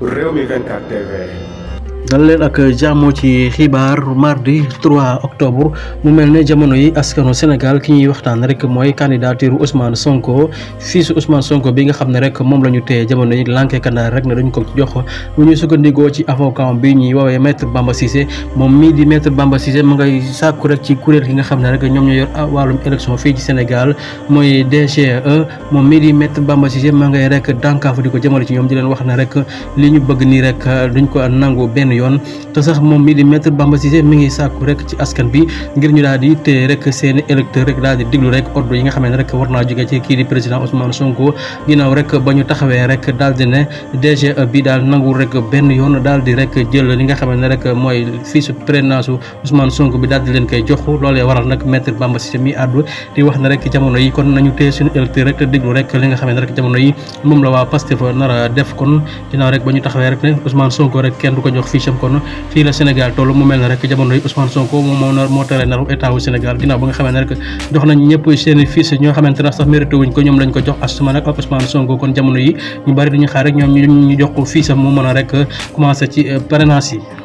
réew mi 24 TV dal leen ak jàmmoo ci xibaar mardi 3 octobre mu mel ne jamono yi askanu Sénégal ki ñuy waxtaan rek mooy candidature Ousmane Sonko fii su Ousmane Sonko bi nga xam ne rek moom la ñu téye jamono yi lànke kanaar rek ne dañ ko jox bu ñuy sukkandikoo ci avocat bi ñuy woowee maître Bamba Cissé moom mii di metre Bamba Cissé mu ngay sàkku rek ci kuréel gi nga xam ne rek ñoom ñoo yor wàllum élection fii ci Sénégal mooy DGE moom mii di maître Bamba Cissé ma ngay rek dànkaafu di ko jëmale ci ñoom di leen wax ne rek li ñu bëgg nii rek duñ ko nangu benn yoon te sax mom mi di maître Bamba Cissé mi ngi sakku rek ci askan bi ngir ñu daal di té rek seen électeur rek daal di diglu rek ordre yi nga xamné rek warna jogé ci ki di président Ousmane Sonko ginaaw rek bañu taxawé rek daal di né DG bi daal nangul rek ben yoon daal di rek jël li nga xamné rek moy fils présidentu Ousmane Sonko bi daal di leen koy jox lolé waral nak maître Bamba Cissé mi addu di wax ne rek jamono yi kon nañu té seen électeur rek diglu rek li nga xamné rek jamono yi mom la wa Pastef nara def kon ginaaw rek bañu taxawé rek Ousmane Sonko rek kenn du ko jox fiche am kon fii la Sénégal toll mu mel ne rek jamono yi Ousmane Sonko moom moo nar moo tere naru état wu Sénégal ginnaaw ba nga xamee ne rek jox nañ ñëpp seen i fils ñoo xamante ne sax mérité wuñ ko ñoom lañ ko jox asuma nag ak Ousmane Sonko kon jamono yi ñu bari dañu xaar rek ñoom ñu jox ko fils am mu mën a rek commencé ci euh, parrainage yi